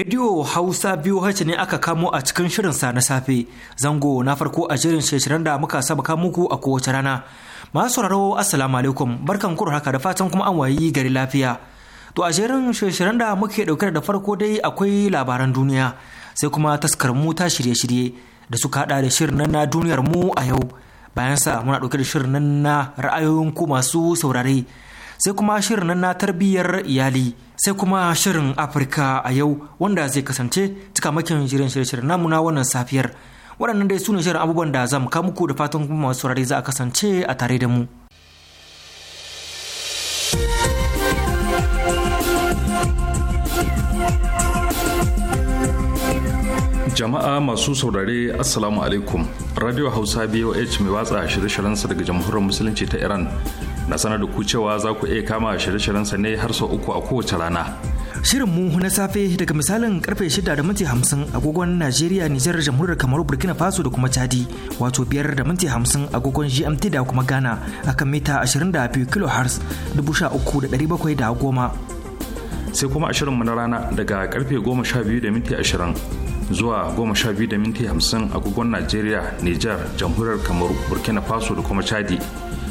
Radio Hausa biyu hace ne aka kamo a cikin shirin sa na safe. Zango na farko a shirin shirin da muka saba kamo muku a kowace rana. Masu sauraro Assalamu alaikum barkan ku haka da fatan kuma an wayi gari lafiya. To a shirin shirin da muke dauke da farko dai akwai labaran duniya sai kuma taskar mu ta shirye-shirye da suka hada da shirin na duniyar mu a yau. Bayan sa muna dauke da shirin na ra'ayoyin ku masu saurare. sai kuma shirin na tarbiyyar iyali sai kuma shirin afirka a yau wanda zai kasance cikamakin shirin shirye-shiryen namu na wannan safiyar waɗannan dai su ne shirin abubuwan da zamu ka muku da fatan kuma masu saurare za a kasance a tare da mu jama'a masu saurare assalamu alaikum radio hausa boh mai watsa shirye-shiryensa daga jamhuriyar musulunci ta iran na sanar da ku cewa za ku iya kama shirye-shiryen sa ne har sau uku a kowace rana. Shirin mu na safe daga misalin karfe 6 da minti 50 agogon Najeriya, Nijar, Jamhuriyar Kamaru, Burkina Faso da kuma Chadi, wato 5 da minti 50 agogon GMT da kuma Ghana akan mita 22 kHz 13,710. Sai kuma a shirinmu na rana daga karfe 12 da minti 20 zuwa goma sha biyu da minti hamsin agogon najeriya niger jamhuriyar kamaru burkina faso da kuma chadi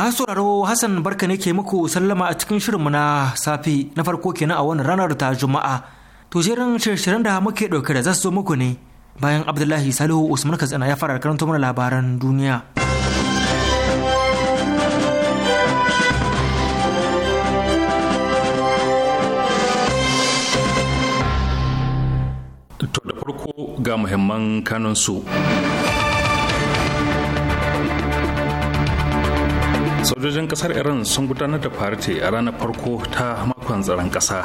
Masu sauraro Hassan barka ne ke muku sallama a cikin shirinmu na safe na farko kenan a wani ranar ta Juma'a. To jerin shirin da muke ɗauke da zasu zo muku ne bayan Abdullahi Salihu Usman Katsina ya fara karanta mana labaran duniya. To da farko ga muhimman kanunsu. sojojin kasar iran sun gudanar da farti a ranar farko ta makon tsaron kasa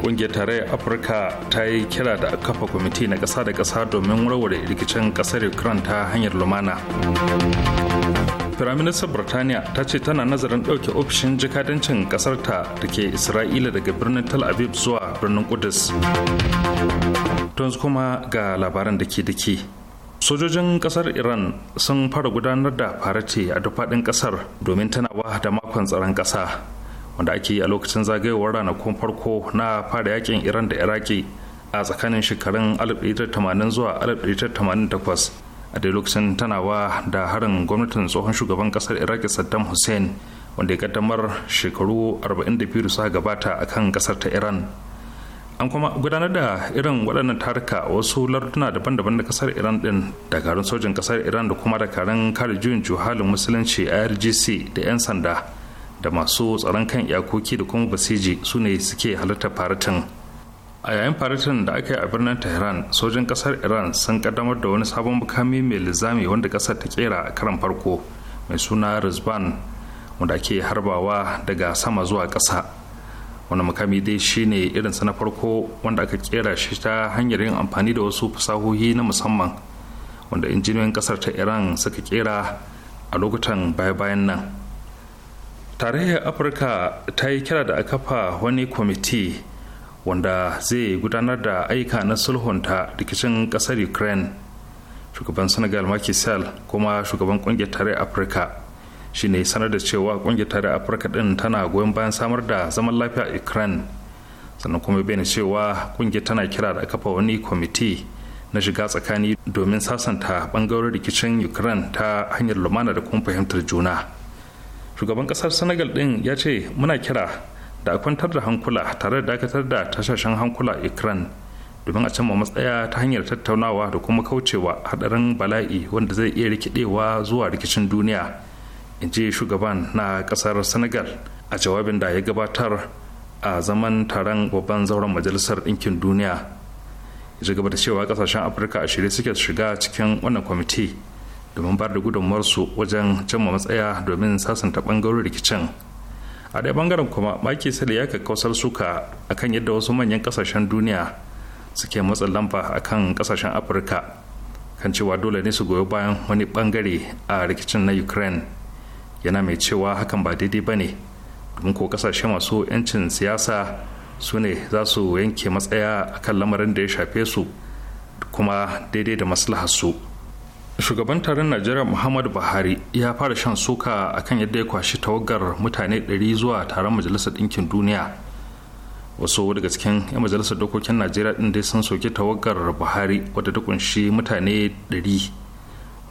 kungiyar tarayyar afirka ta yi kira da kafa kwamiti na kasa da kasa domin warware rikicin kasar ukraine ta hanyar lumana firaministan birtaniya ta ce tana nazarin ɗauke ofishin jikadancin ƙasarta da ke isra'ila daga birnin tel aviv zuwa birnin kudus tun kuma ga labaran da ke dake sojojin kasar iran sun fara gudanar da farace a duk faɗin kasar domin tanawa da makon tsaron ƙasa wanda ake yi a lokacin zagayowar ranakun farko na fara yakin iran da iraki a tsakanin shekarun 1980 zuwa 1988 a dai lokacin tanawa da harin gwamnatin tsohon shugaban kasar iraki saddam hussein wanda ya kaddamar shekaru 42 suka gabata a kan kasar ta iran an kuma gudanar da irin waɗannan taruka wasu larduna daban-daban da kasar iran din dakarun sojin kasar iran da kuma dakarun kare juyin juhalin musulunci irgc da 'yan sanda da masu tsaron kan iyakoki da kuma basiji su ne suke halartar faratin a yayin faratin da aka yi a birnin tehran sojin kasar iran sun kaddamar da wani sabon mukami mai lizami wanda kasar ta kera a karan farko mai suna rizban wanda ke harbawa daga sama zuwa ƙasa wani mukami dai shine su na farko wanda aka kera shi ta hanyar yin amfani da wasu fasahohi na musamman wanda injiniyoyin kasar ta iran suka kera a lokutan baya-bayan nan tarayyar afirka ta yi kira da a kafa wani kwamiti wanda zai gudanar da aika na sulhunta rikicin kasar ukraine shugaban senegal makisal kuma shugaban kungiyar tarayyar afirka shine sanar da cewa kungiyar tare afirka din tana goyon bayan samar da zaman lafiya a ukraine sannan kuma bayyana cewa kungiyar tana kira da kafa wani kwamiti na shiga tsakani domin sasanta bangarorin rikicin ukraine ta hanyar lumana da kuma fahimtar juna shugaban kasar senegal din ya ce muna kira da a kwantar da hankula tare da dakatar da tashashen hankula ukraine domin a cimma matsaya ta hanyar tattaunawa da kuma kaucewa hadarin bala'i wanda zai iya rikidewa zuwa rikicin duniya in ji shugaban na kasar senegal a jawabin da ya gabatar a zaman taron babban zauren majalisar ɗinkin duniya ya gaba da cewa kasashen afirka a shirye suke shiga cikin wannan kwamiti domin ba da su wajen cimma matsaya domin sasanta bangarorin rikicin a ɗaya bangaren kuma maki sale ya kakkausar suka akan yadda wasu manyan kasashen duniya suke matsa lamba akan kasashen afirka kan cewa dole ne su goyi bayan wani bangare a rikicin na ukraine yana mai cewa hakan ba daidai ba ne domin ko kasashe masu 'yancin siyasa su ne za su yanke matsaya a kan lamarin da ya shafe su kuma daidai da maslaharsu shugaban taron najeriya muhammadu buhari ya fara shan suka akan yadda ya kwashi tawagar mutane 100 zuwa taron majalisar ɗinkin duniya wasu daga cikin 'yan majalisar dokokin najeriya ɗin dai sun soki tawagar buhari wadda ta kunshi mutane 100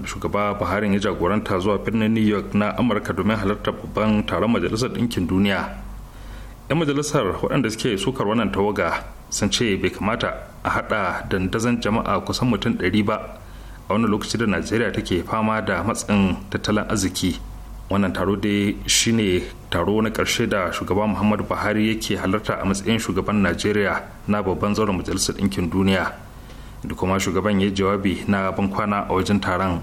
shugaba buhari ya jagoranta zuwa birnin new york na amurka domin halarta babban taron majalisar ɗinkin duniya 'yan majalisar waɗanda suke sukar wannan tawaga sun ce bai kamata a haɗa dandazon jama'a kusan mutum ɗari ba a wani lokaci da najeriya take fama da matsin tattalin arziki wannan taro dai shine taro na ƙarshe da shugaba muhammadu buhari yake halarta a matsayin shugaban najeriya na babban zauren majalisar ɗinkin duniya da kuma shugaban ya jawabi na kwana a wajen taron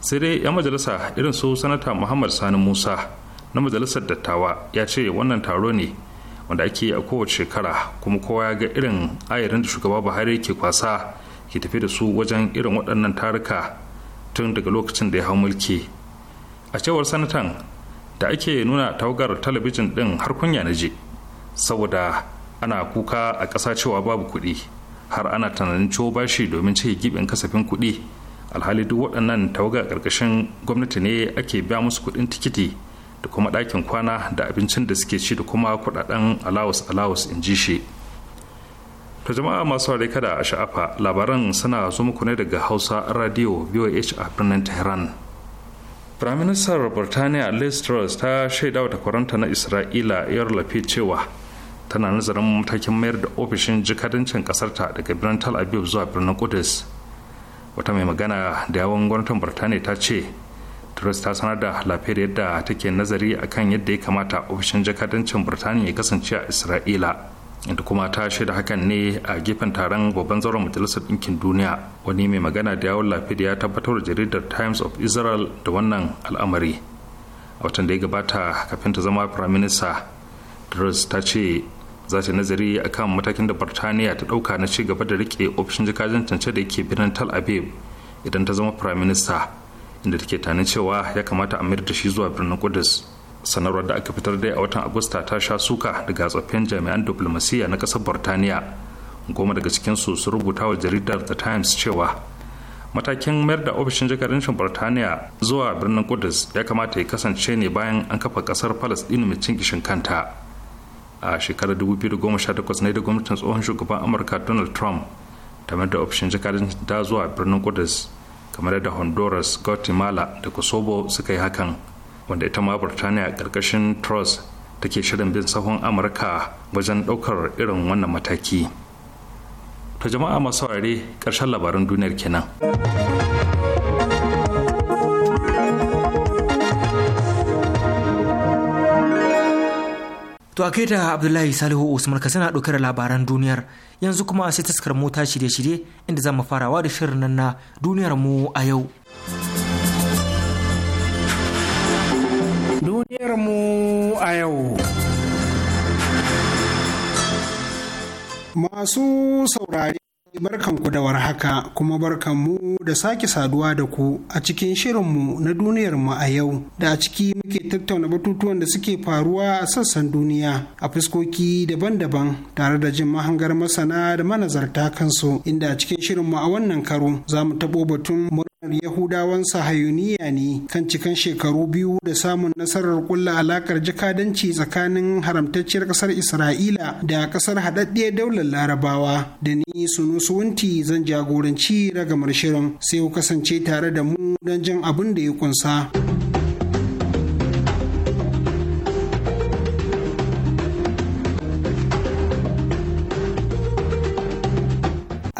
sai dai 'yan majalisa irin su sanata muhammad sani musa na majalisar dattawa ya ce wannan taro ne wanda ake a kowace shekara kuma kowa ya ga irin ayarin da shugaba buhari ke kwasa ke tafi da su wajen irin waɗannan taruka tun daga lokacin da ya hau mulki a cewar sanatan da ake nuna tawagar talabijin din har kunya na je saboda ana kuka a ƙasa cewa babu kuɗi har ana tunanin ciwo bashi domin cike gibin kasafin kuɗi alhali duk waɗannan tawaga ƙarƙashin gwamnati ne ake biya musu kuɗin tikiti da kuma ɗakin kwana da abincin da suke ci da kuma kuɗaɗen alawus alawus in ji shi ta jama'a masu ware kada a sha'afa labaran suna zo muku ne daga hausa radio voh a birnin tehran firaministar birtaniya liz truss ta shaidawa takwaranta na isra'ila yar lafi cewa tana nazarin matakin mayar da ofishin jikadancin kasarta daga birnin tal aviv zuwa birnin kudus wata mai magana da yawon gwamnatin birtaniya ta ce turis ta sanar da lafiyar yadda take nazari a kan yadda ya kamata ofishin jakadancin birtaniya ya kasance a isra'ila inda kuma ta shaida hakan ne a gefen taron babban zauren majalisar ɗinkin duniya wani mai magana da yawon lafiyar ya tabbatar da jaridar times of israel da wannan al'amari a watan da ya gabata kafin ta zama firaminista minista ta ce za ta nazari a akan matakin da burtaniya ta dauka na ci gaba da rike ofishin jikajen cance da ke birnin tal aviv idan ta zama prime minister inda take tanin cewa ya kamata a mayar da shi zuwa birnin kudus sanarwar da aka fitar dai a watan agusta ta sha suka daga tsoffin jami'an diplomasiya na kasar burtaniya goma daga cikin su su rubuta wa jaridar the times cewa matakin mayar da ofishin jakadancin burtaniya zuwa birnin kudus ya kamata ya kasance ne bayan an kafa kasar palestine mai cin kishin kanta a shekarar 2018 ne da gwamnatin tsohon shugaban amurka donald trump ta da ofishin jikarin da zuwa birnin kudus kamar da honduras guatemala da kosovo suka yi hakan wanda ita ma burtaniya ƙarƙashin trust take shirin bin sahun amurka wajen ɗaukar irin wannan mataki ta jama'a masu ƙarshen labaran duniyar kenan. To a da Abdullahi Salihu Usman ka sana ɗauke da labaran duniyar yanzu kuma sai taskar mota shirye-shirye inda za mu farawa da shirin nan na duniyar mu a yau. Duniyar mu a yau. Masu saurari Barkanku da warhaka kuma barkanmu da sake saduwa da ku a cikin shirinmu na duniyarmu a yau da a ciki muke tattauna batutuwan da suke faruwa a sassan duniya a fuskoki daban-daban tare da jin mahangar masana da manazarta kansu inda a cikin shirinmu a wannan karo za mu taɓo batun Yahudawan sahayuniya ne kan cikin shekaru biyu da samun nasarar kulla alakar jakadanci tsakanin haramtacciyar kasar Isra'ila da kasar haɗaɗɗiyar daular larabawa da ni sunu suwunti zan jagoranci ragamar shirin sai ku kasance tare da mu don jin abin da ya kunsa.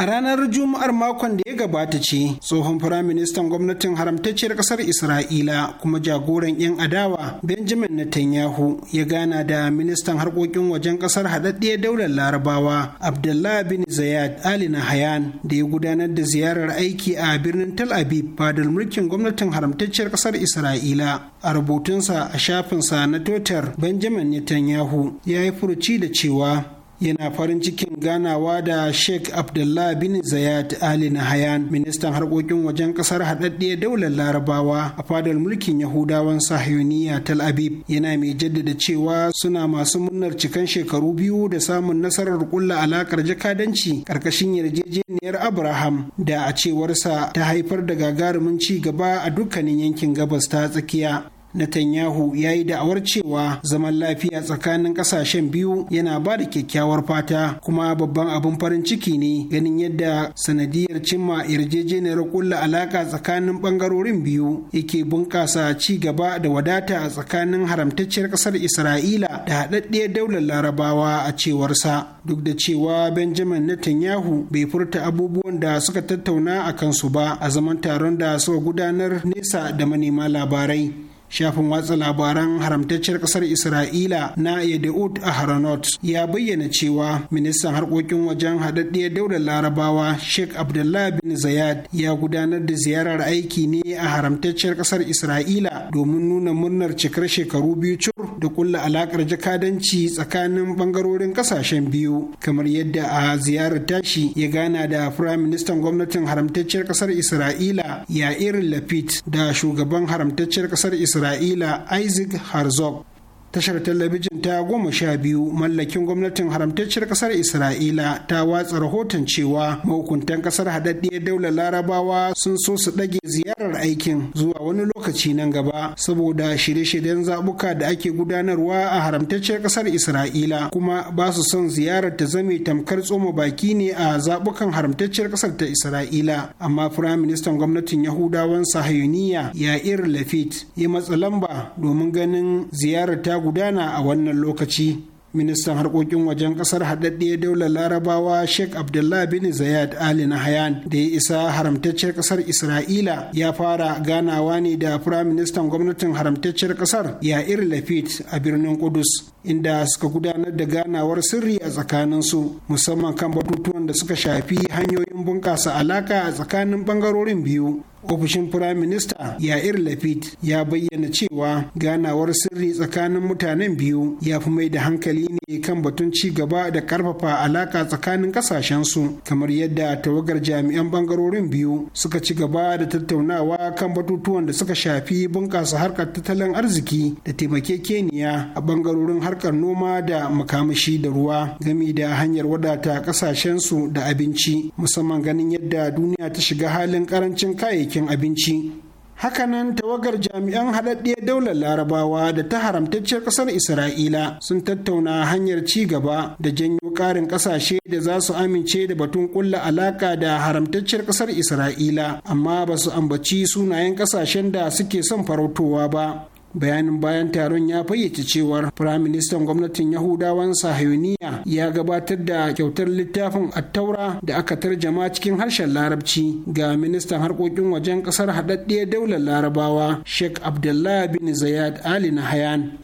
A ranar Juma'ar makon da ya gabata ce, tsohon firaministan gwamnatin haramtacciyar ƙasar Isra'ila kuma jagoran 'yan adawa Benjamin Netanyahu ya gana da ministan harkokin wajen ƙasar haɗaɗɗiyar daular larabawa Abdullah bin Zayed Ali Nahayan da ya gudanar da ziyarar aiki a birnin Tel Aviv fadar mulkin gwamnatin haramtacciyar ƙasar Isra'ila. A rubutunsa a shafinsa na Twitter, Benjamin Netanyahu ya yi furuci da cewa yana farin cikin ganawa da sheikh abdullah bin zayat ali na Hayan. ministan harkokin wajen kasar haɗaɗɗiyar daular larabawa a fadar mulkin yahudawan sahiyoniya tel aviv yana mai jaddada cewa suna masu munnar cikan shekaru biyu da samun nasarar kulla alaƙar jakadanci karkashin yarjejeniyar abraham da a cewarsa ta haifar da gagarumin ci gaba a dukkanin yankin gabas ta tsakiya Netanyahu ya yi da'awar cewa zaman lafiya tsakanin ƙasashen biyu yana ba da kyakkyawar fata kuma babban abin farin ciki ne ganin yadda sanadiyar cimma yarjejeniyar kulla alaƙa tsakanin ɓangarorin biyu yake bunƙasa ci gaba da wadata a tsakanin haramtacciyar ƙasar Isra'ila da haɗaɗɗiyar daular larabawa a cewarsa duk da cewa Benjamin Netanyahu bai furta abubuwan da suka tattauna a kansu ba a zaman taron da suka gudanar nesa da manema labarai. shafin watsa labaran haramtacciyar kasar isra'ila na a haranot ya bayyana cewa ministan harkokin wajen haɗaɗɗiyar daular larabawa sheikh abdullah bin zayad ya gudanar da ziyarar aiki ne a haramtacciyar kasar isra'ila domin nuna murnar cikar shekaru biyu cur da kulla alakar jakadanci tsakanin bangarorin kasashen biyu kamar yadda a ziyarar tashi ya gana da firayim ministan gwamnatin haramtacciyar kasar isra'ila ya irin lafit da shugaban haramtacciyar kasar isra'ila isra'ila isaac herzog tashar talabijin ta goma sha biyu mallakin gwamnatin haramtacciyar kasar isra'ila ta watsa rahoton cewa mahukuntan kasar haɗaɗɗiyar daular larabawa sun so su ɗage ziyarar aikin zuwa wani lokaci nan gaba saboda shirye-shiryen zaɓuka da ake gudanarwa a haramtacciyar kasar isra'ila kuma ba su son ziyarar ta zame tamkar tsoma baki ne a zaɓukan haramtacciyar kasar ta isra'ila amma firaministan gwamnatin yahudawan sahayuniya ya'ir lafit ya matsa lamba domin ganin ziyarar ta gudana a wannan lokaci ministan harkokin wajen kasar haɗaɗɗiyar daular larabawa sheikh abdullah bin zayed ali na nahyan da ya isa haramtacciyar kasar isra'ila ya fara ganawa ne da firaministan gwamnatin haramtacciyar kasar yair lafit a birnin kudus inda suka gudanar da ganawar sirri a tsakaninsu musamman kan batutuwan da suka shafi hanyoyin bunƙasa alaka a tsakanin ɓangarorin biyu ofishin firaminista yair lapid ya bayyana cewa ganawar sirri tsakanin mutanen biyu ya fi mai da hankali ne kan batun ci gaba da karfafa alaka tsakanin kasashensu kamar yadda tawagar jami'an bangarorin biyu suka ci gaba da tattaunawa kan batutuwan da suka shafi bunƙasa harkar tattalin arziki da taimakekeniya a bangarorin harkar noma da makamashi da ruwa gami da hanyar wadata ƙasashensu da abinci musamman ganin yadda duniya ta shiga halin ƙarancin kayayyakin abinci Hakanan tawagar jami'an haɗaɗɗiyar daular larabawa da ta haramtacciyar ƙasar Isra'ila sun tattauna hanyar ci gaba da janyo ƙarin ƙasashe da za su amince da batun ƙulla alaƙa da haramtacciyar ƙasar Isra'ila, amma ba su ambaci sunayen ƙasashen da suke son farautowa ba. bayanin bayan taron ya fayyace cewar firaministan gwamnatin yahudawan sahayuniya ya gabatar da kyautar littafin attaura da aka tarjama cikin harshen larabci ga ministan harkokin wajen kasar haɗaɗɗiyar daular larabawa sheikh abdullahi bin zayad ali nahayan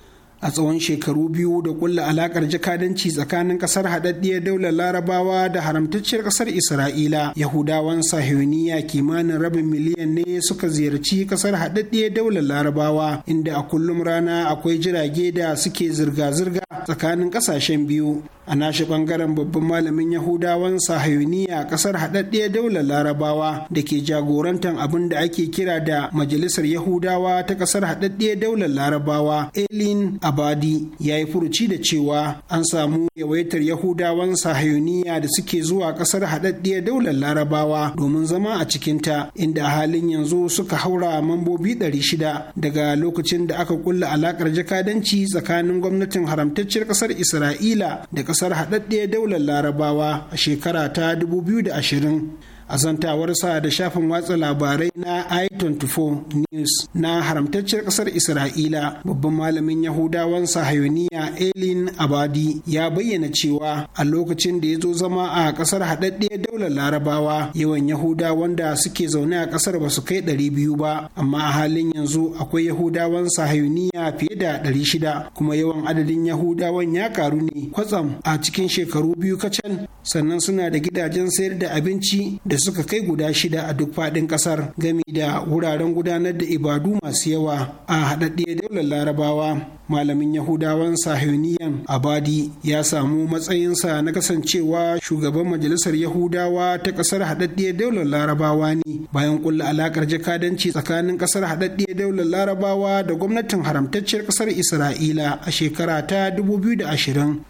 a tsawon shekaru biyu da kulla alakar jakadanci tsakanin kasar haɗaɗɗiyar daular larabawa da haramtacciyar kasar isra'ila yahudawan sahiyoniya kimanin rabin miliyan ne suka ziyarci kasar haɗaɗɗiyar daular larabawa inda a kullum rana akwai jirage da suke zirga-zirga tsakanin ƙasashen biyu a nashi bangaren babban malamin yahudawan sahayuniya kasar haɗaɗɗiyar daular larabawa da ke jagorantar abin da ake kira da majalisar yahudawa ta kasar haɗaɗɗiyar daular larabawa elin abadi ya yi furuci da cewa an samu yawaitar yahudawan sahayuniya da suke zuwa kasar haɗaɗɗiyar daular larabawa domin zama a cikinta inda a halin yanzu suka haura mambobi ɗari shida daga lokacin da aka kulla alaƙar jakadanci tsakanin gwamnatin haramtacciyar ƙasar isra'ila da ƙasar haɗaɗɗiyar daular larabawa a shekara ta 2020 a zantawarsa da shafin watsa labarai na i24 news na haramtacciyar kasar isra'ila babban malamin yahudawan sahayoniya elin abadi ya bayyana cewa a lokacin da ya zo zama a kasar haɗaɗɗiyar daular larabawa yawan yahudawan da suke zaune a kasar ba su kai ɗari biyu ba amma a halin yanzu akwai yahudawan sahayoniya fiye da ɗari shida kuma yawan adadin yahudawan ya karu ne kwatsam a cikin shekaru biyu kacal sannan suna da gidajen sayar da abinci da da suka kai guda shida a duk faɗin ƙasar gami da wuraren gudanar da ibadu masu yawa a haɗaɗɗiyar daular larabawa malamin yahudawan sahuniyan abadi ya samu matsayinsa na kasancewa shugaban majalisar yahudawa ta ƙasar haɗaɗɗiyar daular larabawa ne bayan kulla alakar jakadanci tsakanin ƙasar haɗaɗɗiyar daular larabawa da gwamnatin haramtacciyar ƙasar isra'ila a shekara ta 2020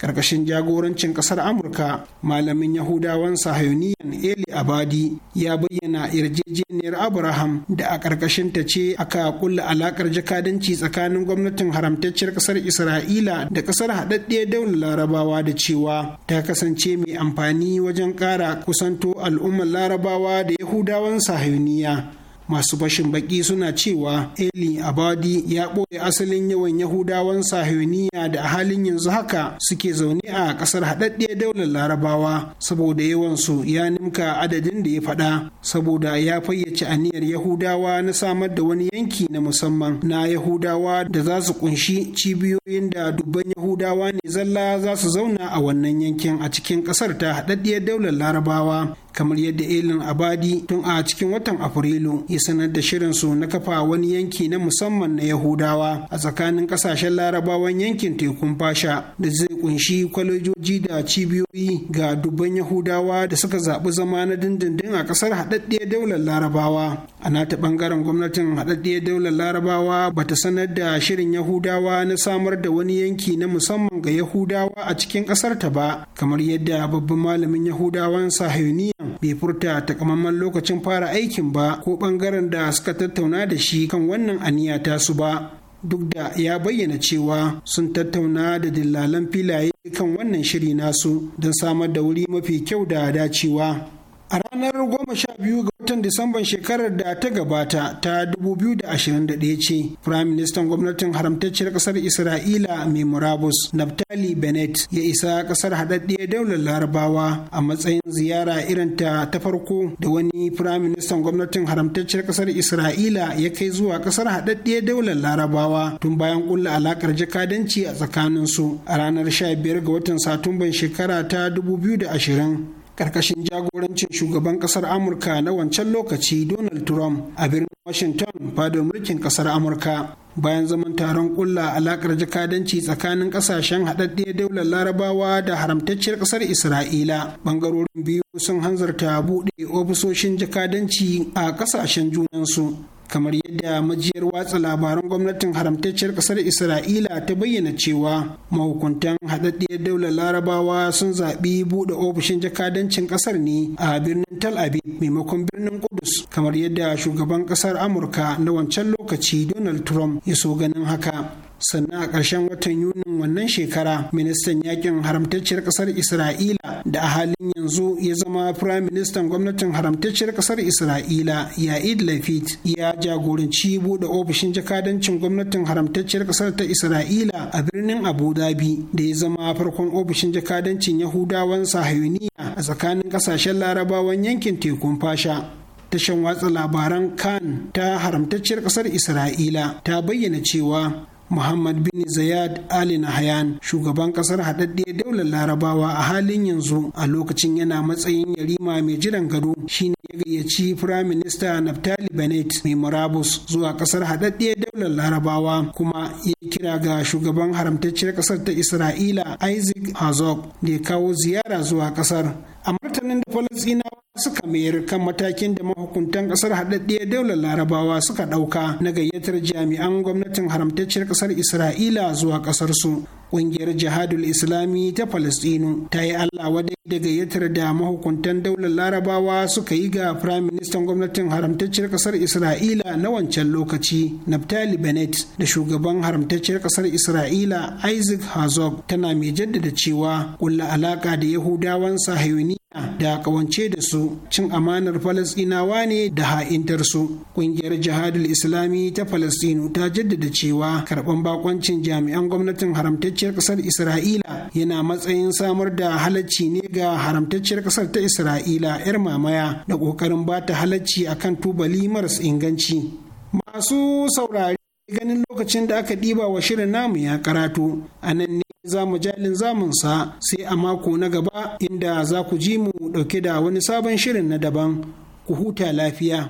karkashin jagorancin ƙasar amurka malamin yahudawan sahuniyan eli abadi ya bayyana yarjejeniyar Abraham da a ƙarƙashinta ce aka kulla alaƙar jakadanci tsakanin gwamnatin haramtacciyar ƙasar Isra'ila da ƙasar haɗaɗɗiyar daular Larabawa da cewa ta kasance mai amfani wajen ƙara kusanto al'ummar Larabawa da Yahudawan Sahiyuniya. masu bashin baki suna cewa eli abadi ya ɓoye asalin yawan yahudawan sahiyoniya da a halin yanzu haka suke zaune a ƙasar haɗaɗɗiyar daular larabawa saboda yawansu ya nimka adadin da ya faɗa saboda ya fayyace aniyar yahudawa na samar da wani yanki na musamman na yahudawa da za su kunshi cibiyoyin da dubban yahudawa ne zalla za su zauna a wannan yankin a cikin ƙasar ta haɗaɗɗiyar daular larabawa kamar yadda elin abadi tun a cikin watan afrilu ya sanar da shirinsu na kafa wani yanki na musamman na yahudawa a tsakanin kasashen larabawan yankin tekun fasha da zai kunshi kwalejoji da cibiyoyi ga dubban yahudawa da suka zaɓi zama na dindindin a ƙasar haɗaɗɗiyar daular larabawa a nata ɓangaren gwamnatin haɗaɗɗiyar daular larabawa ba ta sanar da shirin yahudawa na samar da wani yanki na musamman ga yahudawa a cikin ta ba kamar yadda babban malamin yahudawan sahiyoniya bai furta takamaiman lokacin fara aikin ba ko bangaren da suka tattauna da shi kan wannan aniya su ba duk da ya bayyana cewa sun tattauna da dillalan filaye kan wannan shiri nasu don samar da wuri mafi kyau da dacewa A ranar 12 ga watan Disamban shekarar da ta gabata ta 2021 ce, Prime Minister gwamnatin haramtacciyar ƙasar Isra'ila mai murabus Naftali Bennett ya isa ƙasar haɗaɗɗiyar daular larabawa a matsayin ziyara irin ta ta farko da wani Prime Minister gwamnatin haramtacciyar ƙasar Isra'ila ya kai zuwa ƙasar haɗaɗɗiyar daular larabawa tun bayan ƙulla alaƙar jakadanci a tsakaninsu a ranar 15 ga watan Satumban shekara ta 2020. karkashin jagorancin shugaban kasar amurka na wancan lokaci donald trump a birnin washington fadar mulkin kasar amurka bayan zaman taron kulla alakar jakadanci tsakanin kasashen haɗaɗɗiyar daular larabawa da haramtacciyar kasar isra'ila ɓangarorin biyu sun hanzarta buɗe ofisoshin jakadanci a kasashen junansu kamar yadda majiyar watsa labaran gwamnatin haramtacciyar kasar isra'ila ta bayyana cewa mahukuntan haɗaɗɗiyar daular larabawa sun zaɓi buɗe ofishin jakadancin ƙasar ne a birnin tal aviv maimakon birnin kudus kamar yadda shugaban ƙasar amurka na wancan lokaci donald trump ya so ganin haka sannan a ƙarshen watan yunin wannan shekara ministan yakin haramtacciyar ƙasar isra'ila da a halin yanzu ya zama firayim ministan gwamnatin haramtacciyar ƙasar isra'ila ya'id lafit ya jagoranci buɗe ofishin jakadancin gwamnatin haramtacciyar ƙasar ta isra'ila a birnin abu dhabi da ya zama farkon ofishin jakadancin yahudawan sahayuniya a tsakanin ƙasashen larabawan yankin tekun fasha tashan watsa labaran kan ta haramtacciyar ƙasar isra'ila ta bayyana cewa Muhammad bin Zayad Ali Nahyan shugaban kasar haɗaɗɗiyar daular larabawa a halin yanzu a lokacin yana matsayin yarima mai jiran gado shine ya gayyaci firaminista Naftali Bennett mai murabus zuwa kasar haɗaɗɗiyar daular larabawa kuma ya kira ga shugaban haramtacciyar kasar ta Isra'ila Isaac Herzog da ya kawo ziyara zuwa kasar a martanin da falasinawa suka mayar kan matakin da mahukuntan kasar haɗaɗɗiyar daular larabawa suka ɗauka na gayyatar jami'an gwamnatin haramtacciyar ƙasar isra'ila zuwa ƙasarsu. Ƙungiyar Jihadul Islami ta palestino ta yi Allah wadai da gayyatar da mahukuntan daular Larabawa suka yi ga Firayim Ministan gwamnatin haramtacciyar Kasar Isra'ila na wancan lokaci, Naftali Benet, da shugaban haramtacciyar Kasar Isra'ila Isaac Herzog tana mai jaddada cewa kulla alaƙa da Yahudawan sahayoni. da kawance da su cin amanar falasɗinawa ne da ha'intar su ƙungiyar jihadul islami ta falasɗinu ta jaddada cewa karɓar bakoncin jami'an gwamnatin haramtacciyar ƙasar isra'ila yana matsayin samar da halacci ne ga haramtacciyar ƙasar ta isra'ila 'yar mamaya da ƙoƙarin ba ta halacci akan tubali maras inganci masu saurari. ganin lokacin da aka ɗiba wa shirin namu ya karatu a nan ne za mu jalin zamunsa sai a mako na gaba inda za ku ji mu ɗauke da wani sabon shirin na daban ku huta lafiya.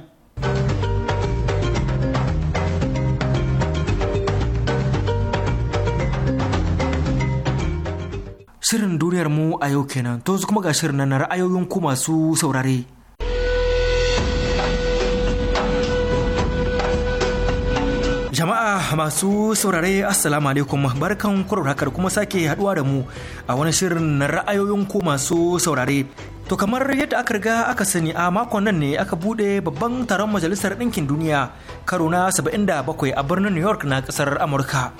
Shirin duniyar mu a yau kenan, to kuma ga shirin na ra'ayoyin ku masu saurare. masu saurare assalamu alaikum barkan da kuma sake haduwa da mu a wani shirin na ra'ayoyin ku masu saurare to kamar yadda aka riga aka sani a makon nan ne aka bude babban taron majalisar ɗinkin duniya karo na 77 a birnin new york na ƙasar amurka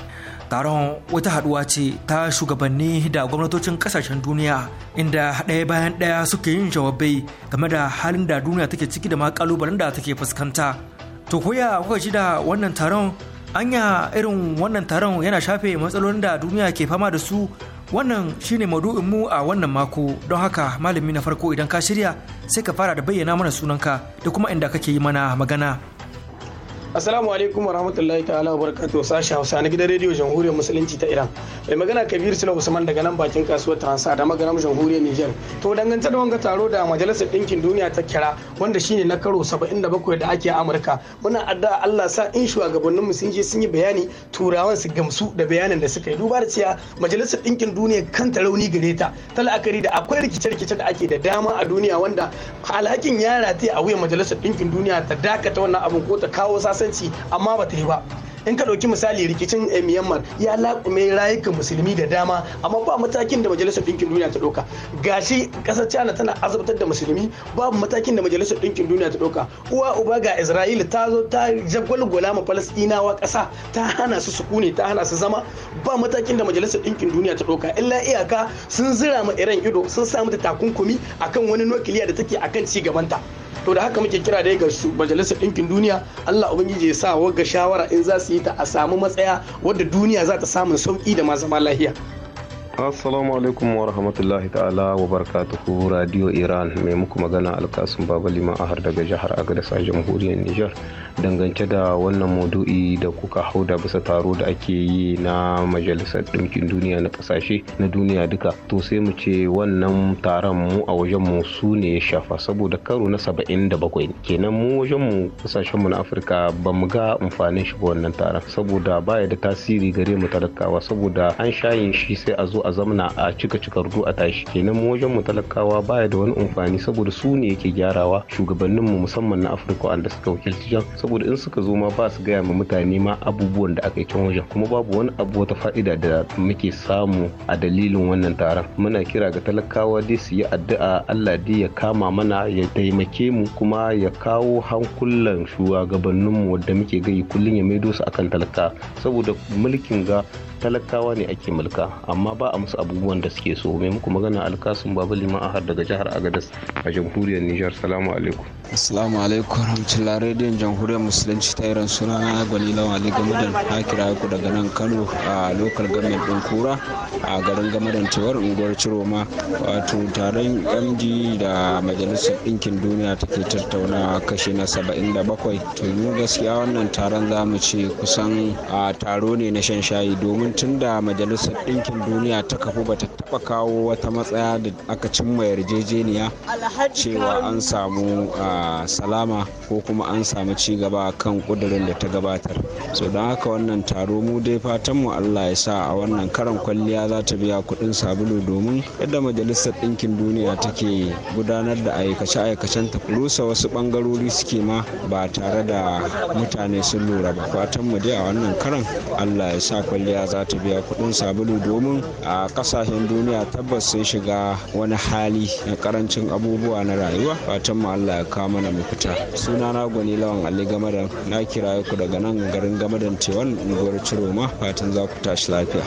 taron wata haduwa ce ta shugabanni da gwamnatocin kasashen duniya inda ɗaya bayan ɗaya suke yin jawabai game da halin da duniya take ciki da ma kalubalen da take fuskanta to koya kuka ji da wannan taron anya irin wannan taron yana shafe matsalolin da duniya ke fama da su wannan shine maudu'in mu a wannan mako don haka malami na farko idan ka shirya sai ka fara da bayyana mana sunanka da kuma inda kake yi mana magana Assalamu alaikum wa rahmatullahi ta'ala wa barakatuh sashi Hausa na gidan rediyo Jamhuriyar Musulunci ta Iran. Mai magana Kabir Sula Usman daga nan bakin kasuwar Transa da maganar Jamhuriyar Niger. To dangantar da wanga taro da Majalisar Dinkin Duniya ta kira wanda shine na karo 77 da ake a Amurka. Muna addu'a Allah sa in shugabannin mu sun je sun yi bayani turawan su gamsu da bayanin da suka yi duba da cewa Majalisar Dinkin Duniya kanta rauni gare ta. Ta la'akari da akwai rikice-rikice da ake da dama a duniya wanda alhakin yara ta a wuyan Majalisar Dinkin Duniya ta dakata wannan abin ko ta kawo sasa ta'addanci amma ba ta yi ba in ka ɗauki misali rikicin eh, myanmar ya laƙume rayukan musulmi da dama amma ba matakin da majalisar ɗinkin duniya ta ɗauka gashi ƙasar china tana azabtar da musulmi babu matakin da majalisar ɗinkin duniya ta ɗauka uwa uba ga isra'ila ta zo ta jagwalgwala ma falastinawa ƙasa ta hana su sukuni ta hana su zama ba matakin da majalisar ɗinkin duniya ta ɗauka illa iyaka sun zira ma iran ido sun samu mata takunkumi akan wani nukiliya da take akan ci gabanta to da haka muke kira dai ga majalisar ɗinkin duniya Allah ubangiji ya sa wagga shawara in za su yi ta a samu matsaya wadda duniya za ta samun sauki da ma zama lahiya assalamu alaikum wa rahmatullahi ta'ala wa barakatuhu radio iran mai muku magana alkasun lima har daga jihar agadasa a jamhuriyar nijar dangance da wannan maudu'i da kuka hau da bisa taro da ake yi na majalisar ɗinkin duniya na ƙasashe na duniya duka to sai mu ce wannan taron mu a wajen mu su ne ya shafa saboda karo na saba'in da bakwai kenan mu wajen mu ƙasashen mu na afirka ba mu ga amfanin shi wannan taron saboda baya da tasiri gare mu talakawa saboda an shayin shi sai a zo a zamana a cika cikardu a tashi kenan mu wajen mu talakawa baya da wani amfani saboda su ne yake gyarawa shugabannin mu musamman na afirka wanda suka wakilci jan saboda in suka zo ma ba su gaya ma mutane ma abubuwan da aka yi can wajen kuma babu wani abu wata fa'ida da muke samu a dalilin wannan taron muna kira ga talakawa dai su yi addu'a Allah dai ya kama mana ya taimake mu kuma ya kawo hankulan shugabanninmu wadda muke gani kullum ya maido su akan talaka saboda mulkin ga talakawa ne ake mulka amma ba a musu abubuwan da suke so mai muku magana alkasun babu liman ahar daga jihar agadas a jamhuriyar nijar salamu alaikum assalamu alaikum rahmatullah rediyon jamhuriyar musulunci ta irin suna na gwani lawan ali gamadan kira ku daga nan kano a lokal gamin din kura a garin gamadan tewar unguwar ciroma wato taron md da majalisar ɗinkin duniya take tattauna kashi na saba'in da bakwai to mu gaskiya wannan taron za mu ce kusan a taro ne na shan shayi domin domin tun da majalisar ɗinkin duniya ta kafu ba ta taɓa kawo wata matsaya da aka cimma yarjejeniya cewa an samu ah, salama ko kuma an samu cigaba kan ƙudurin da ta gabatar so don haka wannan taro mu dai fatanmu allah ya sa a wannan karan kwalliya za ta biya kuɗin sabulu domin yadda majalisar ɗinkin duniya take gudanar da aikace-aikacen ta rusa wasu ɓangarori suke ma ba tare da mutane sun lura ba fatanmu dai a wannan karan allah ya sa kwalliya za za ta biya kudin sabulu domin a kasashen duniya tabbas sun shiga wani hali na karancin abubuwa na rayuwa fatan mu Allah ya kama mana mafita suna na gwani lawan Ali Gamadan na kira ku daga nan garin Gamadan Tewan unguwar Ciroma fatan za ku tashi lafiya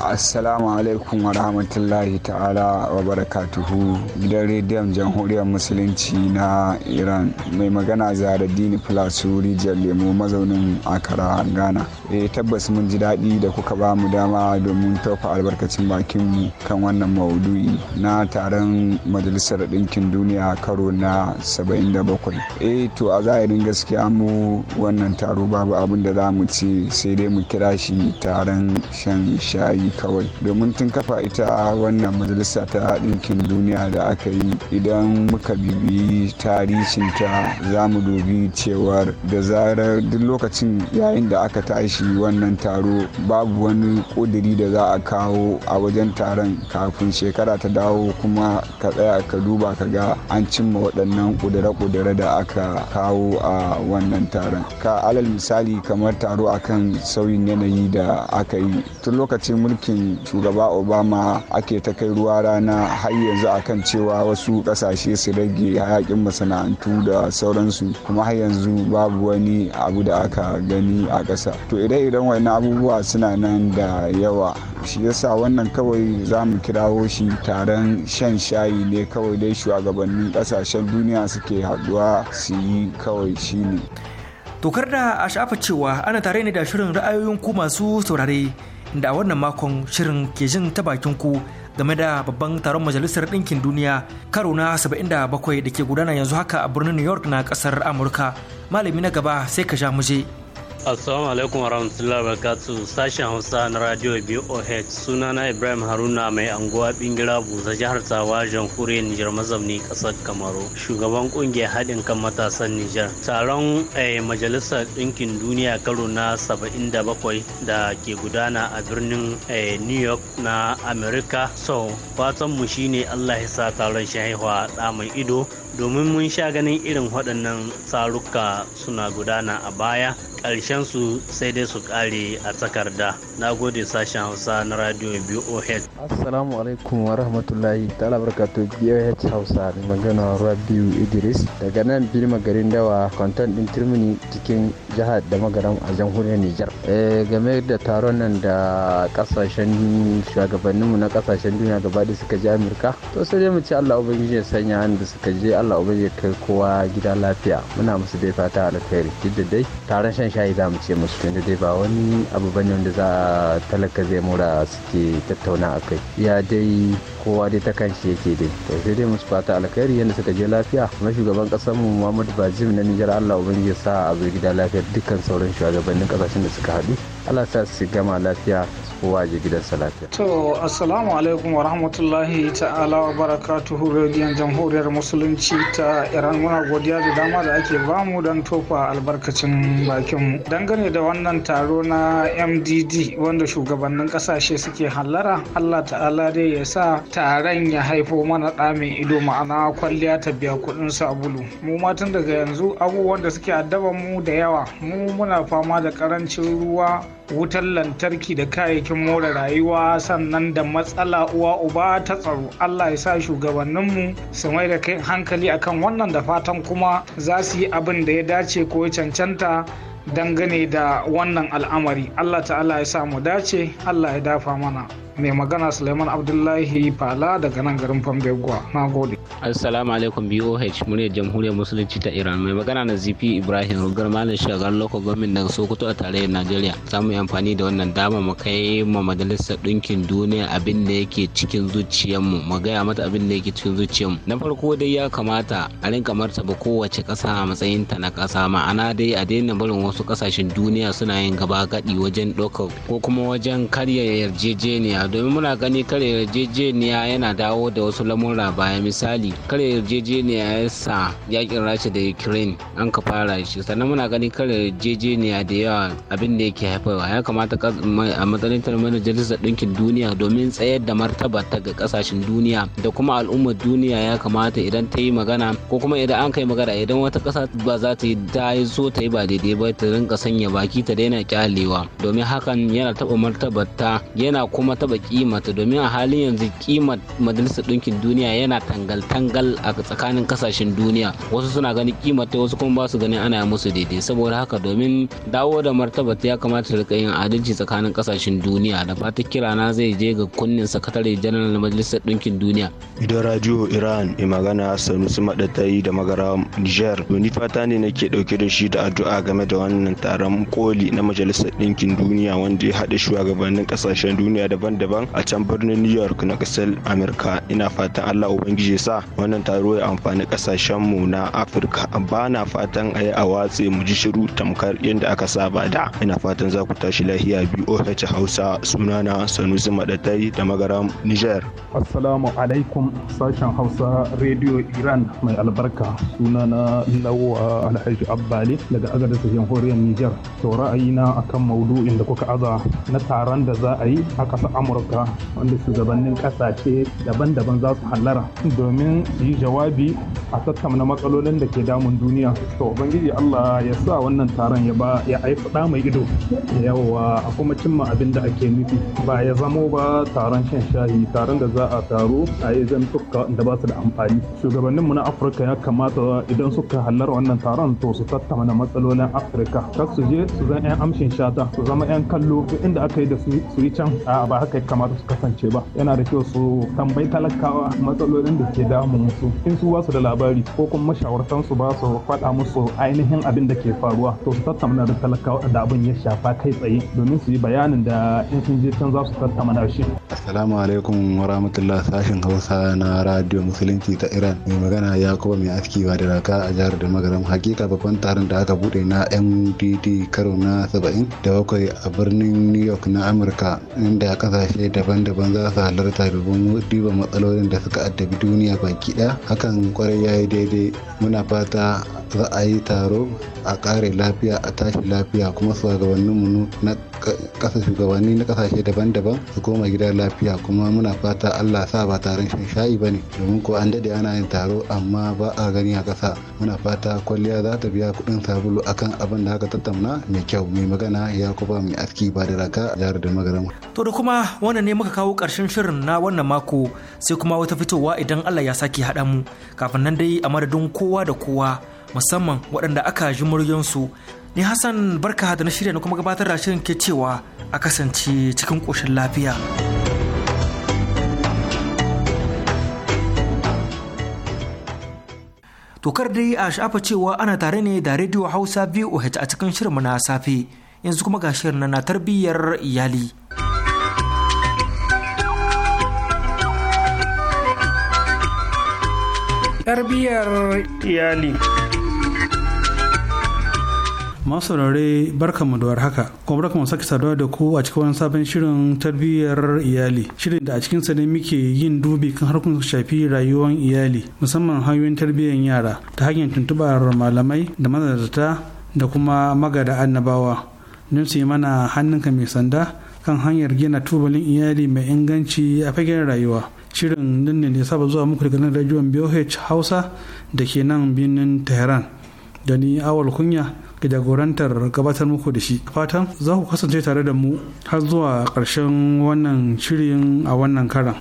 assalamu alaikum wa rahmatullahi ta'ala wa barakatuhu gidan rediyon jamhuriyar musulunci na iran mai magana dini filasu rijiyar lemo mazaunin akara ghana e tabbas mun ji daɗi da kuka ba mu dama domin tofa albarkacin bakinmu kan wannan maudu'i na taron majalisar ɗinkin duniya karo na 77 e eh, to a zahirin gaskiya mu wannan taro babu abin da za mu ci sai dai mu kira shi taron shan shayi kawai domin tun kafa ita wannan majalisa ta ɗinkin duniya da aka yi idan muka bibi tarihinta za mu dubi cewar da zarar duk lokacin yayin da aka tashi wannan taro babu wani ƙudiri da za a kawo a wajen taron kafin shekara ta dawo kuma ka tsaya ka duba ka ga an cimma waɗannan ƙudire-ƙudire da aka kawo a wannan taron ka alal misali kamar taro akan sauyin yanayi da aka yi tun lokacin mulkin shugaba obama ake ta kai ruwa rana har yanzu akan cewa wasu kasashe su rage hayakin masana'antu da sauransu kuma har yanzu babu wani abu da aka gani a ƙasa to idan idan wani abubuwa suna nan da yawa shi yasa wannan kawai za mu kirawo shi taron shan shayi ne kawai dai shugabannin kasashen duniya suke haɗuwa su yi kawai shi ne tokar da a sha'afa cewa ana tare ne da shirin ra'ayoyin ku masu saurare da a wannan makon shirin ke jin ta bakin ku game da babban taron majalisar ɗinkin duniya karo na 77 da ke gudana yanzu haka a birnin new york na ƙasar amurka malami na gaba sai ka sha muje. Assalamu alaikum warahmatullahi wabarakatuh sashen Hausa na Radio BOH sunana Ibrahim Haruna mai anguwa bingira buza jihar Tawa jamhuriyar Nijar mazamni kasar Kamaru shugaban kungiyar haɗin kan matasan Nijar taron eh, majalisar ɗinkin duniya karo na 77 da ke gudana a birnin eh, New York na Amurika. so fatan mu shine Allah ya sa taron shi haihuwa da mai ido domin mun sha ganin irin waɗannan tsaruka suna gudana a baya ƙarshen su sai dai su ƙare a takarda na gode sashen hausa na radio boh assalamu alaikum wa rahmatullahi ta'ala barkatu boh hausa da magana rabiu idris daga nan birma garin dawa kwanton ɗin turmini cikin jihar da magaram a jamhuriyar nijar eh, game da taron nan da kasashen shugabanninmu na kasashen duniya gaba suka je amurka to sai dai mu ci allah ubangiji ya sanya da suka je Allah ya kai kowa gida lafiya muna musu dai fata alkhairi duk da dai taron shan shayi za mu ce musu tunda dai ba wani abu bane wanda za a talaka zai mura suke tattauna a kai ya dai kowa dai ta kanshi yake dai to sai dai musu fata alkhairi yanda suka je lafiya kuma shugaban kasar mu Muhammadu Bazim na Nijar Allah ubangi ya sa a zo gida lafiya dukkan sauran shugabannin kasashen da suka haɗu Allah sa su gama lafiya kowa ya sa lafiya. To, Assalamu alaikum wa rahmatullahi ta'ala wa barakatuhu rediyon jamhuriyar musulunci ta Iran muna godiya da dama da ake bamu don tofa albarkacin bakin mu. Dangane da wannan taro na MDD wanda shugabannin kasashe suke hallara, Allah ta'ala dai ya sa taron ya haifo mana ɗa mai ido ma'ana kwalliya ta biya kuɗin sabulu. Mu matan daga yanzu abubuwan da suke addaban mu da yawa, mu muna fama da ƙarancin ruwa wutar lantarki da kayayyakin more rayuwa sannan da matsala uwa uba ta tsaro allah ya sa shugabanninmu su mai da kai hankali akan wannan da fatan kuma za su yi abin da ya dace ko ya cancanta dangane da wannan al'amari allah ta'ala ya sa mu dace allah ya dafa mana mai magana Suleiman Abdullahi Fala daga nan garin Fambegwa. Na gode. Assalamu alaikum BOH muryar Jamhuriyar Musulunci ta Iran mai magana na ZP Ibrahim Rugar Malam Shagar Loko Gwamnati daga Sokoto a tarayyar Najeriya. Za mu yi amfani da wannan dama mu kai ma majalisar ɗinkin duniya abin da yake cikin zuciyarmu mu gaya mata abin da yake cikin zuciyarmu. Na farko dai ya kamata a rinka martaba kowace ƙasa a matsayinta na ƙasa ma'ana dai a daina barin wasu ƙasashen duniya suna yin gaba gaɗi wajen ɗaukar ko kuma wajen karya yarjejeniya domin muna gani kare yarjejeniya yana dawo da wasu lamura bayan misali kare yarjejeniya ya sa yakin rasha da ukraine an ka fara shi sannan muna gani kare yarjejeniya da yawa abin da yake haifarwa ya kamata a matsayin tarmar jirgin ɗinkin duniya domin tsayar da martaba ta ga ƙasashen duniya da kuma al'ummar duniya ya kamata idan ta yi magana ko kuma idan an kai magana idan wata ƙasa ba za ta yi ta so ta yi ba daidai ba ta rinka sanya baki ta daina kyalewa domin hakan yana taɓa martabar ta yana kuma taɓa raba kimata domin a halin yanzu kimar majalisar ɗinkin duniya yana tangal-tangal a tsakanin kasashen duniya wasu suna ganin kimata wasu kuma ba su ganin ana musu daidai saboda haka domin dawo da martaba ta ya kamata ta rika yin adalci tsakanin kasashen duniya da fata kira na zai je ga kunnin sakatare janar na majalisar ɗinkin duniya. idan radio iran mai magana ta yi da magara niger wani fata ne nake ɗauke da shi da addu'a game da wannan taron koli na majalisar ɗinkin duniya wanda ya haɗa shugabannin kasashen duniya daban-daban daban a can birnin new york na kasar america ina fatan allah ubangiji sa wannan taro ya amfani kasashen mu na afirka ba na fatan a yi a watse mu ji shiru tamkar yadda aka saba da ina fatan za ku tashi lahiya boh hausa sunana sanusi madatai da magaram niger assalamu alaikum sashen hausa radio iran mai albarka sunana lawa alhaji abbali daga agadar jamhuriyar niger to ra'ayina akan maudu'in da kuka aza na taron da za a yi a kasar amurka amurka wanda shugabannin kasashe daban-daban za su hallara domin su yi jawabi a tattauna matsalolin da ke damun duniya to ubangiji allah ya sa wannan taron ya ba ya aifi da mai ido yawa a kuma cimma abin da ake nufi ba ya zamo ba taron shan shayi taron da za a taro a yi zantuka da ba su da amfani shugabanninmu na afirka ya kamata idan suka hallara wannan taron to su tattauna matsalolin afirka kar su je su zan 'yan amshin shata su zama 'yan kallo inda aka yi da su yi can a ba haka kamata su kasance ba yana da kyau su tambayi talakawa matsalolin da ke damun su in su basu da labari ko kuma mashawartan su ba su faɗa musu ainihin abin da ke faruwa to su tattauna da talakawa da abin ya shafa kai tsaye domin su yi bayanin da in sun je can za su tattauna shi assalamu alaikum wa rahmatullah sashin hausa na radio musulunci ta iran mai magana ya kuma mai aski ba da raka a jihar da magaram hakika babban taron da aka bude na mdd karo na 70 da bakwai a birnin new york na amurka inda kasashe mutane daban-daban za su halarta domin duba matsalolin da suka addabi duniya baki ɗaya hakan kwarai ya yi daidai muna fata za a yi taro a ƙare lafiya a tashi lafiya kuma mu na kasa shugabanni na kasashe daban-daban su koma gida lafiya kuma muna fata allah sa ba taron shan shayi ba ne domin ko an daɗe ana yin taro amma ba a gani a ƙasa muna fata kwalliya za ta biya kuɗin sabulu akan abin da aka tattauna mai kyau mai magana ya kuma mai aski ba da raka jihar da magarama. to da kuma wannan ne muka kawo ƙarshen shirin na wannan mako sai kuma wata fitowa idan Allah ya sake haɗa mu kafin nan dai a madadin kowa da kowa musamman waɗanda aka ji muryansu ni Hassan barka da na shirya na kuma gabatar da shirin ke cewa a kasance cikin ƙoshin lafiya. Tokar dai a shafa cewa ana tare ne da Radio Hausa VOH a cikin shirin na safe yanzu kuma ga shirin na tarbiyyar iyali. tarbiyyar iyali masu barka barkanmu da haka kuma barkanmu sake saduwa da ku a cikin wani sabon shirin tarbiyyar iyali shirin da a sa ne muke yin dubi kan harkokin shafi rayuwar iyali musamman hanyoyin tarbiyyar yara ta hanyar tuntubar malamai da manzarta da kuma magada annabawa don su yi mana hannunka mai sanda kan hanyar gina tubalin iyali mai inganci a fagen rayuwa shirin nan ne saba zuwa muku daga nan rajiyon boh hausa da ke nan birnin tehran da ni awal kunya ga jagorantar gabatar muku da shi fatan za ku kasance tare da mu har zuwa ƙarshen wannan shirin a wannan karan.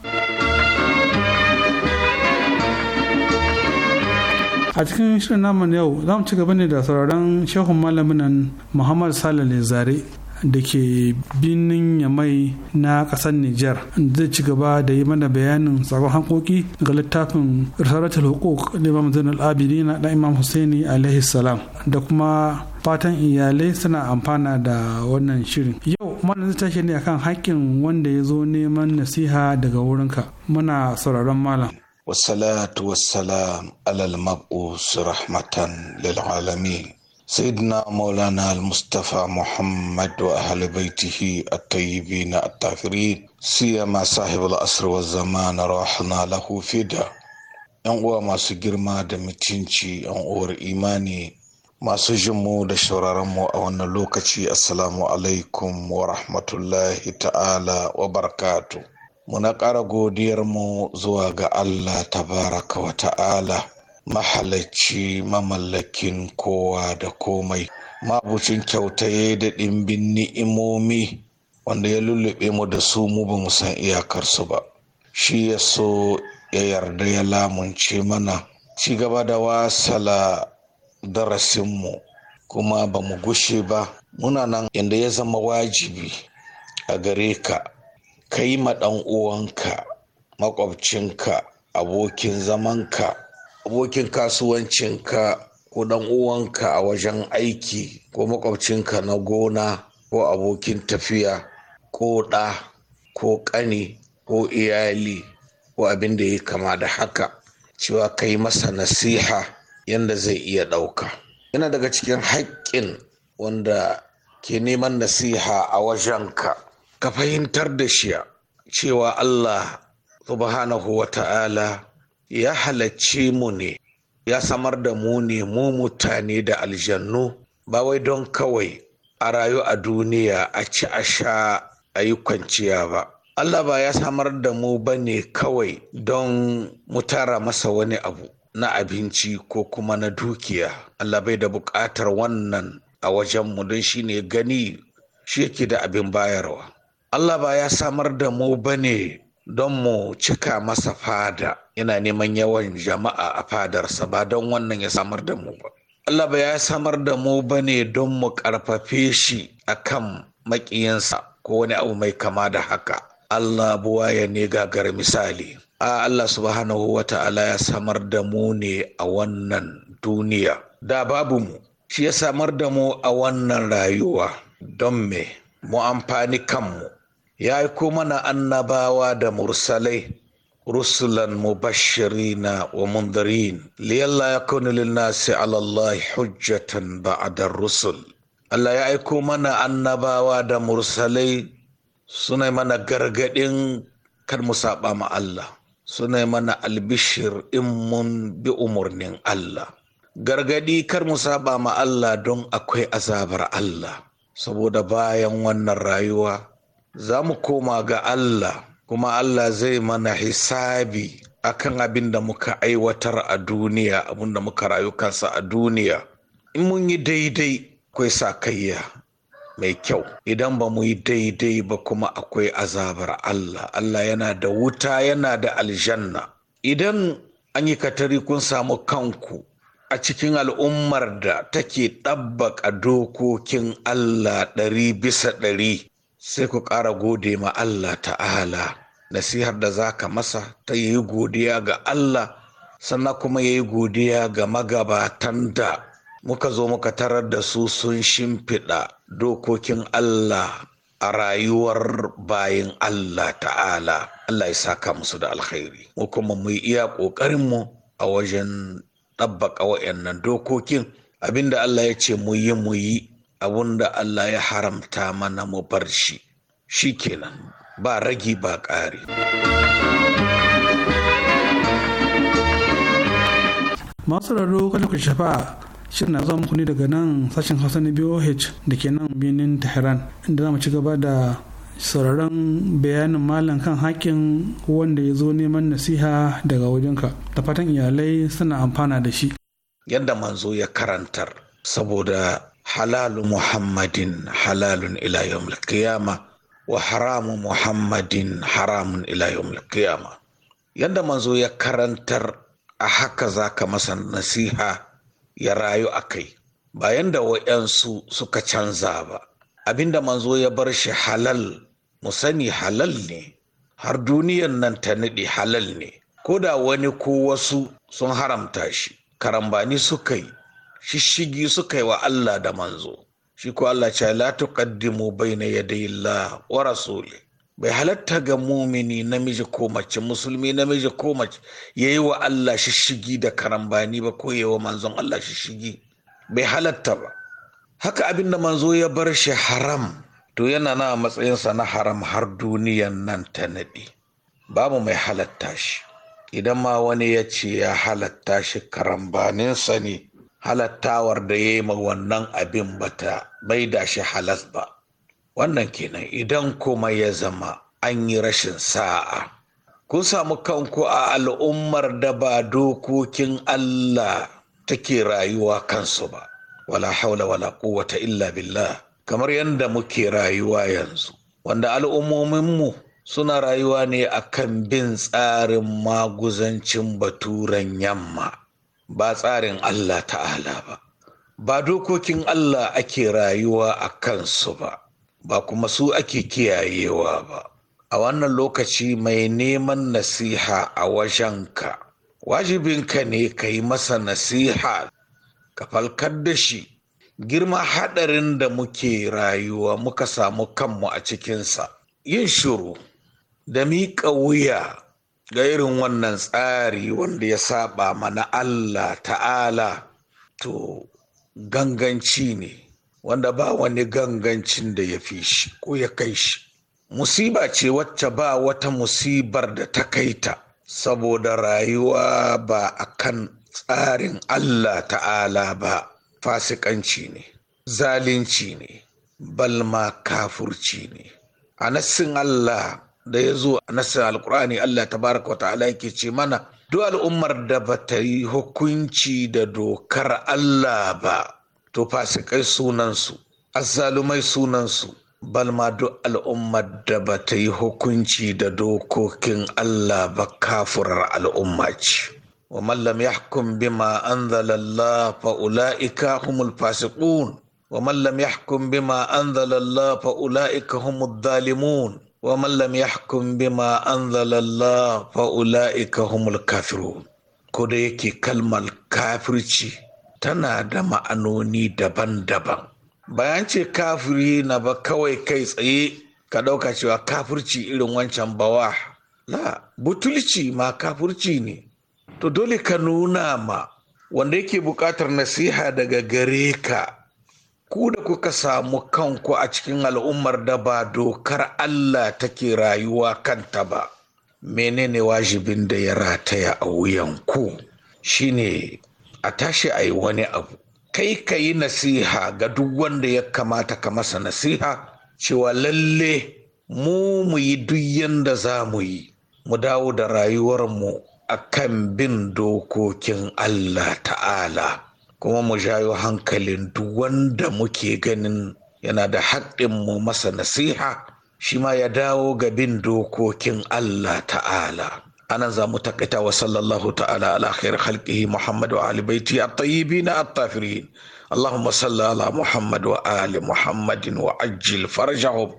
a cikin shirin namun yau za mu ci gaba ne da sauraron shehun malamin nan muhammad salale zare da ke birnin yamai na ƙasar Nijar. zai ci gaba da yi mana bayanin sabon hankoki ga littafin risalatul hukuk na imam zainul abidin na imam husaini alaihi salam da kuma fatan iyalai suna amfana da wannan shirin yau mana zai tashi ne akan haƙƙin wanda ya zo neman nasiha daga wurinka muna sauraron malam wasalam alal على su rahmatan للعالمين سيدنا مولانا المصطفى محمد وأهل بيته الطيبين الطاهرين سيما صاحب الأسر والزمان na له فدا ‘Yan uwa masu girma da mutunci ‘yan uwar imani masu jinmu da shauraronmu a wannan lokaci assalamu alaikum wa rahmatullahi ta'ala wa barakatu. Muna ƙara godiyarmu zuwa ga Allah tabaraka wa ta'ala mahalarci mamallakin kowa da komai mabucin kyautaye da ɗimbin ni'imomi wanda ya lullube mu da su mu ba mu san iyakarsu ba shi ya so ya yarda ya lamunce mana ci gaba da wasala darasinmu kuma ba mu gushe ba muna nan inda ya zama wajibi a gare ka kai ma ɗan uwanka makwabcinka abokin zamanka abokin kasuwancinka ko dan uwanka a wajen aiki ko makwabcinka na gona ko abokin tafiya ko ɗa ko ƙani ko iyali ko abin da ya kama da haka cewa ka yi masa nasiha yadda zai iya ɗauka yana daga cikin haƙƙin wanda ke neman nasiha a wajenka ka fahimtar da shi cewa allah subhanahu wa ta'ala ya halarci mu ne ya samar da mu ne mu mutane da aljannu ba wai don kawai a rayu a duniya a ci a sha a yi kwanciya ba Allah ba ya samar da mu ba ne kawai don mu tara masa wani abu na abinci ko kuma na dukiya Allah bai da buƙatar wannan a wajen mu don shi ne gani shi yake da abin bayarwa Allah ba ya samar da mu ba ne don mu cika masa fada yana neman yawan jama'a a fadarsa ba don wannan ya samar da mu ba Allah ba ya samar da mu ba ne don mu ƙarfafe shi a kan maƙiyansa ko wani abu mai kama da haka Allah ya ne gagar misali a Allah subhanahu wa ta'ala ya samar da mu ne a wannan duniya da babu mu shi ya samar da mu a wannan rayuwa don me mu amfani kanmu ya aiko mana annabawa da mursalai rusulan na wa mundarin liyalla yakunu linnasi sai hujjatan ba'adar rusul Allah ya aiko mana annabawa da mursalai suna mana gargadin kan mu saba ma Allah suna mana albishir in mun bi umarnin Allah gargadi kar mu saba ma Allah don akwai azabar Allah saboda bayan wannan rayuwa za mu koma ga Allah kuma Allah zai mana hisabi akan abin da muka aiwatar a duniya abin da muka rayukansa a duniya in mun yi daidai sa sakayya mai kyau idan ba mu yi daidai ba kuma akwai azabar Allah Allah yana da wuta yana da aljanna idan an yi katari kun samu kanku a cikin al'ummar da take ɗabbaka dokokin Allah ɗari bisa ɗari sai ku ƙara gode ma Allah ta'ala nasihar da za ka masa ta yi godiya ga Allah sannan kuma ya yi godiya ga magabatan da muka zo muka tarar da su sun shimfiɗa dokokin Allah a rayuwar bayan Allah ta'ala Allah ya saka musu da alkhairi mu kuma mu iya ƙoƙarinmu a wajen ɗabbaƙa wa'annan dokokin abinda Allah ya ce mu yi mu yi da Allah ya haramta mana mu bar shi shi kenan ba ragi ba ƙari. masu raro kada ku shafa shi na zama muku daga nan sashen hausa na boh da ke nan birnin tehran inda za mu ci gaba da sauraron bayanin malam kan haƙƙin wanda ya zo neman nasiha daga wajenka da fatan iyalai suna amfana da shi yadda manzo ya karantar saboda halalu muhammadin halalun ila yawmil qiyama wa haramun muhammadin haramun ila yawmil qiyama yadda manzo ya karantar a haka zaka masa nasiha ya rayu a kai bayan da wa'yansu suka canza ba abinda manzo ya bar shi halal mu sani halal ne har duniyan nan ta naɗe halal ne ko da wani ko wasu sun haramta shi karambani suka yi shishigi suka yi wa Allah da manzo shi ko Allah ce la tuqaddimu baina yaday Allah wa rasuli bai halatta ga mumini namiji ko mace musulmi namiji ko mace yayi wa Allah shishigi da karambani ba ko yayi wa manzon Allah shishigi bai halatta ba haka abin da manzo ya bar shi haram to yana na matsayinsa na haram har duniyan nan ta naɗi babu mai halatta shi idan ma wani ya ce ya halatta shi karambaninsa ne halattawar da ya yi ma wannan abin bata bai da shi halas ba wannan kenan idan kuma ya zama an yi rashin sa'a kun samu kanku a al'ummar da ba dokokin Allah take rayuwa kansu ba wala haula wala quwwata illa billah kamar yadda muke rayuwa yanzu wanda al'ummomin mu suna rayuwa ne akan bin tsarin maguzancin baturan yamma ba tsarin Allah ta'ala ba ba dokokin Allah ake rayuwa a kansu ba ba kuma su ake kiyayewa ba a wannan lokaci mai neman nasiha a wajenka wajibinka ne ka yi masa nasiha ka falkar da shi girma haɗarin da muke rayuwa muka samu kanmu a cikinsa yin shiru da miƙa wuya ga irin wannan tsari wanda ya saba mana Allah ta'ala to ganganci ne wanda ba wani gangancin da ya fi shi ko ya kai shi musiba ce wacce ba wata musibar da ta kai ta saboda rayuwa ba a kan tsarin Allah ta'ala ba fasikanci ne zalunci ne balma kafurci ne a nassin Allah da ya zo a nasar alkur'ani Allah tabaraka wa ta'ala yake ce mana duk al'ummar da ba ta yi hukunci da dokar Allah ba to fasikai sunansu azzalumai sunansu balma duk al'ummar da ba ta yi hukunci da dokokin Allah ba kafurar al'umma ce wa mallam yahkum bima anzalallah fa ula'ika humul fasiqun wa mallam yahkum bima anzalallah fa ula'ika humul zalimun ومن لم يحكم بما أنزل الله فأولئك هم الكافرون koda yake kalmar kafirci tana da ma'anoni daban-daban bayan ce kafiri na ba kawai kai tsaye ka ɗauka cewa kafirci irin wancan bawa la butulci ma kafirci ne to dole ka nuna ma wanda yake buƙatar nasiha daga gare ka ku da kuka samu kanku a cikin al'ummar da ba dokar Allah take rayuwa kanta ba menene wajibin da ya rataya a wuyanku shine a tashi a yi wani abu kai ka yi nasiha ga duk wanda ya kamata ka masa nasiha cewa lalle mu mu yi duk yanda za mu yi mu dawo da rayuwarmu a kan bin dokokin Allah ta'ala kuma mu jayo hankalin duk wanda muke ganin yana da haƙƙin mu masa nasiha shi ma ya dawo ga bin dokokin Allah ta'ala anan za mu takaita wa sallallahu ta'ala ala khair khalqihi muhammad wa ali baiti at-tayyibin at-tafirin اللهم صل على محمد وآل محمد وعجل فرجهم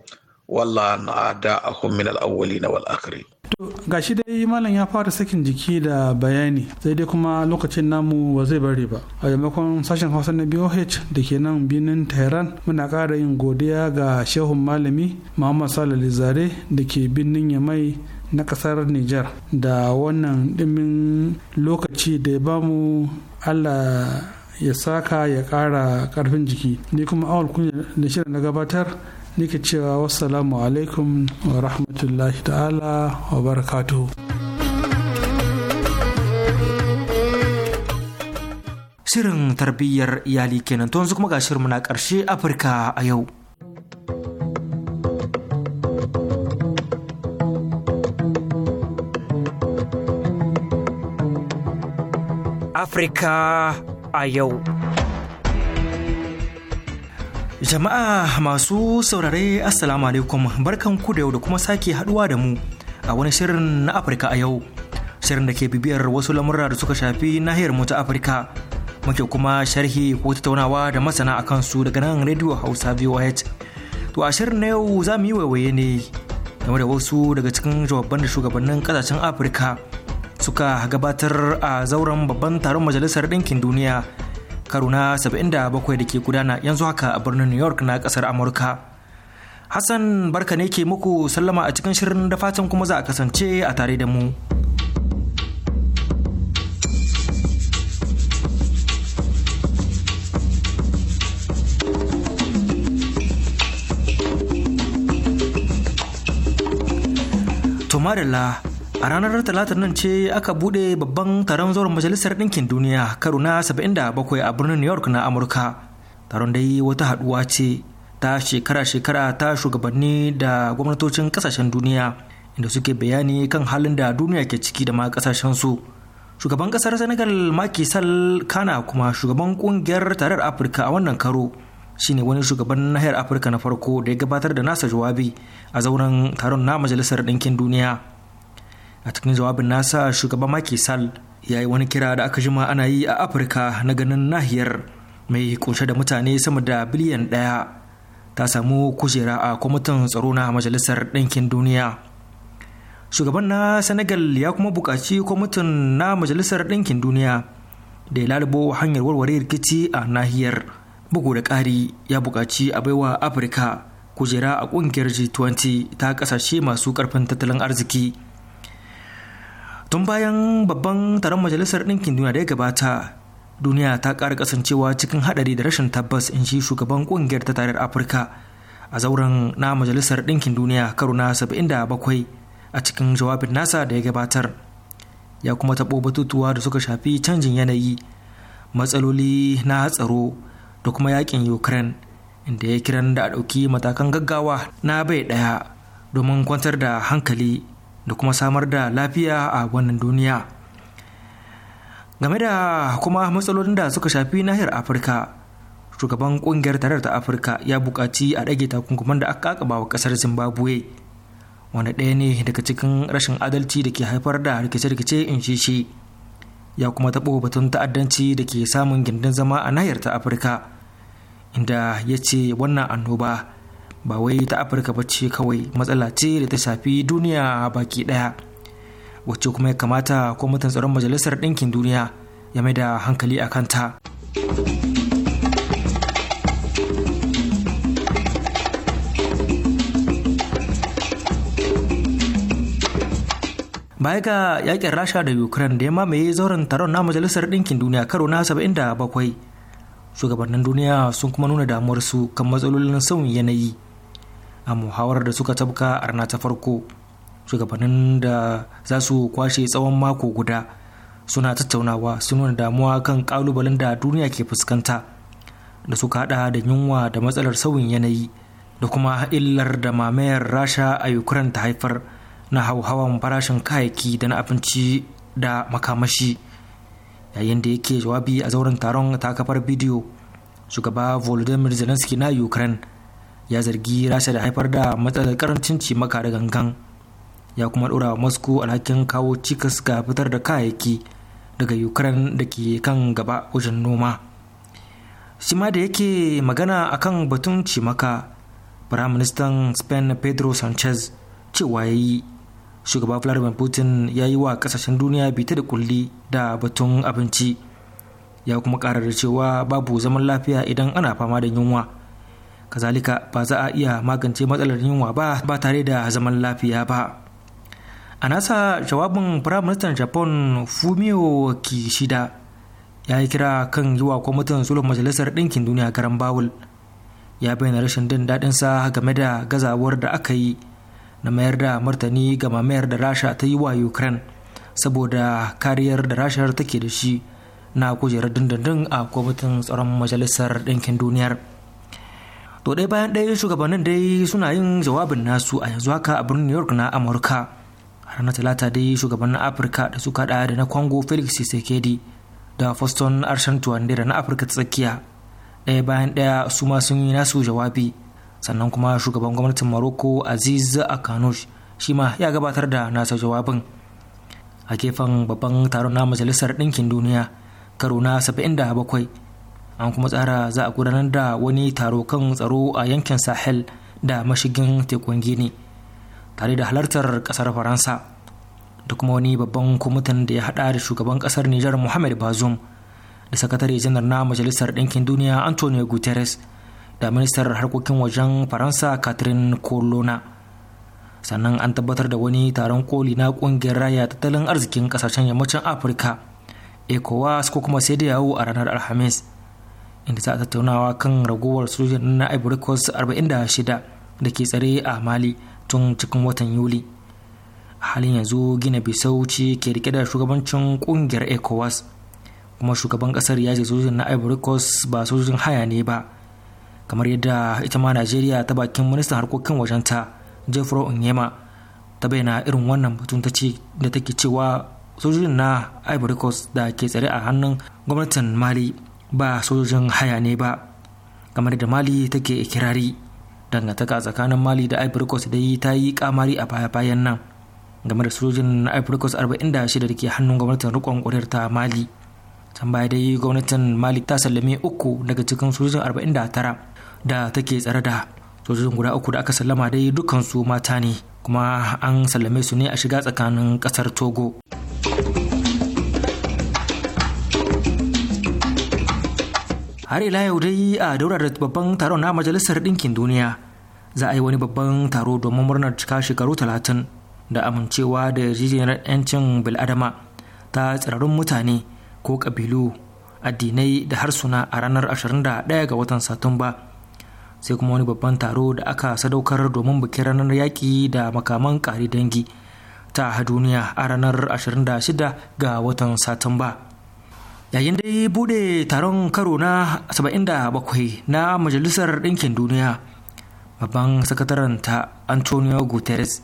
والله أن أعداءهم من الأولين والآخرين ga shi dai malam ya fara sakin jiki da bayani sai dai kuma lokacin namu ba zai bari ba a maimakon sashen hausa na boh da ke nan birnin tehran muna ƙara yin godiya ga shehun malami muhammad salali zare da ke birnin yamai na ƙasar niger da wannan ɗimin lokaci da ya bamu allah ya saka ya kara karfin jiki ni kuma awal kunya da shirin na gabatar nake cewa wasalamu alaikum wa rahmatullahi ta'ala wa barakatuhu shirin tarbiyyar iyali kenan to yanzu kuma ga shirin na karshe afirka a yau afirka a yau Jama'a masu saurare Assalamu alaikum barkan ku da yau da kuma sake haduwa da mu a wani shirin na Afirka a yau. Shirin da ke bibiyar wasu lamurra da suka shafi nahiyar mu ta Afirka. Muke kuma sharhi ko tattaunawa da masana a kansu daga nan Radio Hausa VOH. To a shirin na yau za mu yi waiwaye ne game da wasu daga cikin jawaban da shugabannin kasashen Afirka suka gabatar a zauren babban taron Majalisar Ɗinkin Duniya karo na 77 da ke gudana yanzu haka a birnin New York na kasar Amurka. Hassan barka ne ke muku sallama a cikin shirin da fatan kuma za a kasance a tare da mu. Tomarilla A ranar Talatar nan ce aka buɗe babban taron zauren Majalisar Ɗinkin Duniya karo na 77 a birnin New York na Amurka. Taron dai wata haɗuwa ce ta shekara-shekara ta shugabanni da gwamnatocin ƙasashen duniya inda suke bayani kan halin da duniya ke ciki da ma ƙasashen su. Shugaban ƙasar Senegal Macky Sall Kana kuma shugaban ƙungiyar tarar Afirka a wannan karo shine wani shugaban nahiyar Afirka na farko da ya gabatar da nasa jawabi a zauren taron na Majalisar Ɗinkin Duniya. a cikin jawabin nasa shugaban Macky Sall ya yi wani kira da aka jima ana yi a Afirka na ganin nahiyar mai kunshe da mutane sama da biliyan ɗaya ta samu kujera a kwamitin tsaro na majalisar ɗinkin duniya. Shugaban na Senegal ya kuma buƙaci kwamitin na majalisar ɗinkin duniya da ya lalubo hanyar warware rikici a nahiyar. Bugu da ƙari ya buƙaci a baiwa Afirka kujera a ƙungiyar G20 ta ƙasashe masu ƙarfin tattalin arziki. tun bayan babban taron majalisar ɗinkin duniya da ya gabata duniya ta ƙara kasancewa cikin haɗari da rashin tabbas in shi shugaban ƙungiyar ta tarar afirka a zauren na majalisar ɗinkin duniya karo na bakwai a cikin jawabin nasa da ya gabatar ya kuma taɓo batutuwa da suka shafi canjin yanayi matsaloli na tsaro da kuma yakin ukraine inda ya kiran da a ɗauki matakan gaggawa na bai ɗaya domin kwantar da hankali da kuma samar da lafiya a wannan duniya game da kuma matsalolin da suka shafi nahiyar afirka shugaban kungiyar tarar ta afirka ya bukaci a ɗage takunkuman da aka kakaba wa ƙasar zimbabwe wanda ɗaya ne daga cikin rashin adalci da ke haifar da rikice-rikice in shi shi ya kuma taɓo batun ta'addanci da ke samun gindin zama a nahiyar ta afirka inda ya ce wannan annoba ba wai ta afirka ba ce kawai matsala ce da ta shafi duniya baki daya wacce kuma ya kamata kwamitin tsaron majalisar ɗinkin duniya ya mai da hankali a kanta baya ga yakin rasha da ukraine da ya mamaye zauren taron na majalisar ɗinkin duniya karo na 77 shugabannin duniya sun kuma nuna damuwarsu kan matsalolin sauyin yanayi a muhawar da suka tabka a rana ta farko shugabannin da za su kwashe tsawon mako guda suna tattaunawa sun nuna damuwa kan kalubalen da duniya ke fuskanta da suka hada da yunwa da matsalar sauyin yanayi da kuma illar da mamayar rasha a ukraine ta haifar na hauhawan farashin kayayyaki da na abinci da makamashi yayin da yake jawabi a zauren taron ta kafar bidiyo shugaba volodymyr zelensky na ukraine ya zargi rasha da haifar da matsalar karancin cimaka da gangan ya kuma dora wa moscow alhakin kawo cikas ga fitar da kayayyaki daga ukraine da ke kan gaba wajen noma shi ma da yake magana akan batun cimaka firaministan spain pedro sanchez cewa ya yi shugaba vladimir putin ya yi wa kasashen duniya bita da kulli da batun abinci ya kuma karar da cewa babu zaman lafiya idan ana fama da yunwa kazalika ba za a iya magance matsalar yunwa ba ba tare da zaman lafiya ba a nasa jawabin firaministan japan fumio kishida ya yi kira kan yi wa kwamitin sulhun majalisar ɗinkin duniya garan bawul ya bayyana rashin jin daɗinsa game da gazawar da aka yi na mayar da martani ga mamayar da rasha ta yi wa ukraine saboda kariyar da rashar take da shi na kujerar dindindin a kwamitin tsaron majalisar ɗinkin duniyar to ɗaya bayan ɗaya shugabannin dai suna yin jawabin nasu a yanzu haka a birnin new york na amurka ranar talata dai shugabannin afirka da suka da da na congo felix sekedi da foston arshen tuwandera na afirka ta tsakiya ɗaya bayan ɗaya su ma sun yi nasu jawabi sannan kuma shugaban gwamnatin maroko aziz akanush shi ma ya gabatar da nasa jawabin a gefen babban taron na majalisar ɗinkin duniya karo na 77 an kuma tsara za a gudanar da wani taro kan tsaro a yankin sahel da mashigin tekun gini tare da halartar kasar faransa da kuma wani babban kwamitin da ya hada da shugaban kasar nijar muhammad bazoum da sakatare janar na majalisar ɗinkin duniya antonio guterres da ministar harkokin wajen faransa catherine colonna sannan an tabbatar da wani taron koli na kungiyar raya tattalin arzikin kasashen yammacin afirka ecowas ko kuma sai da yawo a ranar alhamis inda za a tattaunawa kan ragowar sojin na ivory coast 46 da ke tsare a mali tun cikin watan yuli a halin yanzu gina bisau ce ke rike da shugabancin kungiyar ecowas kuma shugaban kasar ya ce sojojin na ivory coast ba sojojin haya ne ba kamar yadda ita ma najeriya ta bakin ministan harkokin wajenta jeffro onyema ta bayyana irin wannan batun ta ce da take cewa sojojin na ivory coast da ke tsare a hannun gwamnatin mali ba sojojin haya ne ba kamar da mali take ikirari dangantaka tsakanin mali da ivory da yi ta yi kamari a baya-bayan nan game da sojojin ivory coast 46 da ke hannun gwamnatin rikon ƙurir ta mali can baya dai gwamnatin mali ta sallame uku daga cikin sojojin 49 da take tsare da sojojin guda uku da aka sallama dai dukansu mata ne kuma an sallame su ne a shiga tsakanin ƙasar togo har ila yau dai a daura da babban taron na majalisar ɗinkin duniya za a yi wani babban taro domin murnar cika shekaru talatin da amincewa da yarjejeniyar 'yancin bil'adama ta tsirarun mutane ko ƙabilu addinai da harsuna a ranar 21 ga watan satumba sai kuma wani babban taro da aka sadaukar domin bikin ranar yaƙi da makaman ƙari dangi ta duniya a ranar 26 ga watan satumba. yayin dai bude taron karo na 77 na majalisar ɗinkin duniya babban sakataren ta antonio guterres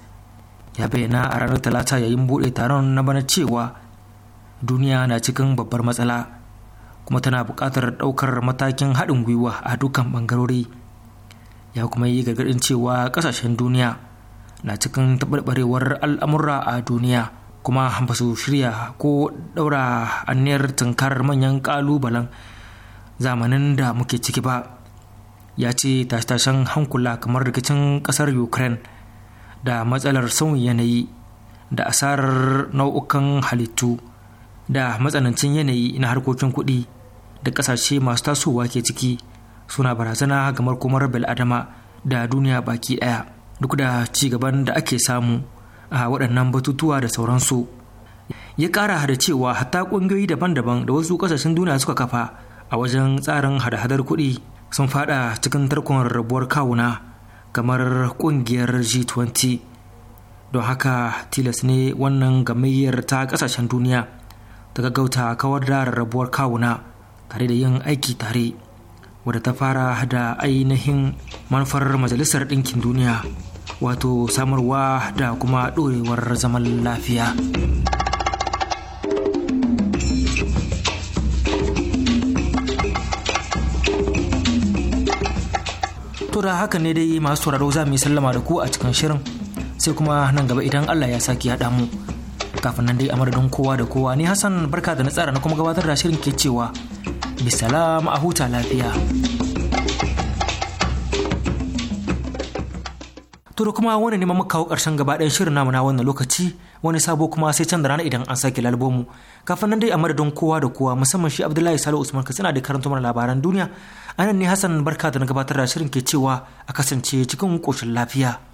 ya bayyana a ranar talata yayin bude taron na bana cewa duniya na cikin babbar matsala kuma tana buƙatar ɗaukar matakin haɗin gwiwa a dukkan ɓangarori ya kuma yi gargaɗin cewa ƙasashen duniya na cikin taɓarɓarewar al'amura a duniya kuma ba su shirya ko ɗaura anniyar tunkarar manyan ƙalubalen zamanin da muke ciki ba ya ce tashe-tashen hankula kamar rikicin ƙasar ukraine da matsalar sauyin yanayi da asarar nau'ukan halittu da matsanancin yanayi na harkokin kuɗi da ƙasashe masu tasowa ke ciki suna barazana ga komar bil'adama da duniya baki ɗaya duk da ci gaban da ake samu a waɗannan batutuwa da sauransu ya ƙara hada cewa hatta ƙungiyoyi daban-daban da wasu ƙasashen duniya suka kafa a wajen tsarin hada-hadar kuɗi sun faɗa cikin tarkon rabuwar kawuna kamar ƙungiyar g20 don haka tilas ne wannan gamayyar ta ƙasashen duniya ta gaggauta kawar da rarrabuwar kawuna tare da yin aiki tare wadda ta fara da ainihin manufar majalisar ɗinkin duniya wato samarwa da kuma ɗorewar zaman lafiya. da haka ne dai masu sauraro za mu yi sallama da ku a cikin shirin sai kuma nan gaba idan Allah ya saki haɗa mu kafin nan dai a madadin kowa da kowa ni Hassan barka da na tsara na kuma gabatar da shirin ke cewa bisalam a huta lafiya. turu kuma wani ne muka kawo ƙarshen gaba ɗayan shirin namu na wannan lokaci wani sabo kuma sai can da rana idan an sake lalbomu. Kafin nan dai a madadin kowa da kowa musamman shi Abdullahi Salo Usman suna da karanta mana labaran duniya. Anan ne Hassan Barka da na gabatar da shirin ke cewa a kasance cikin koshin lafiya.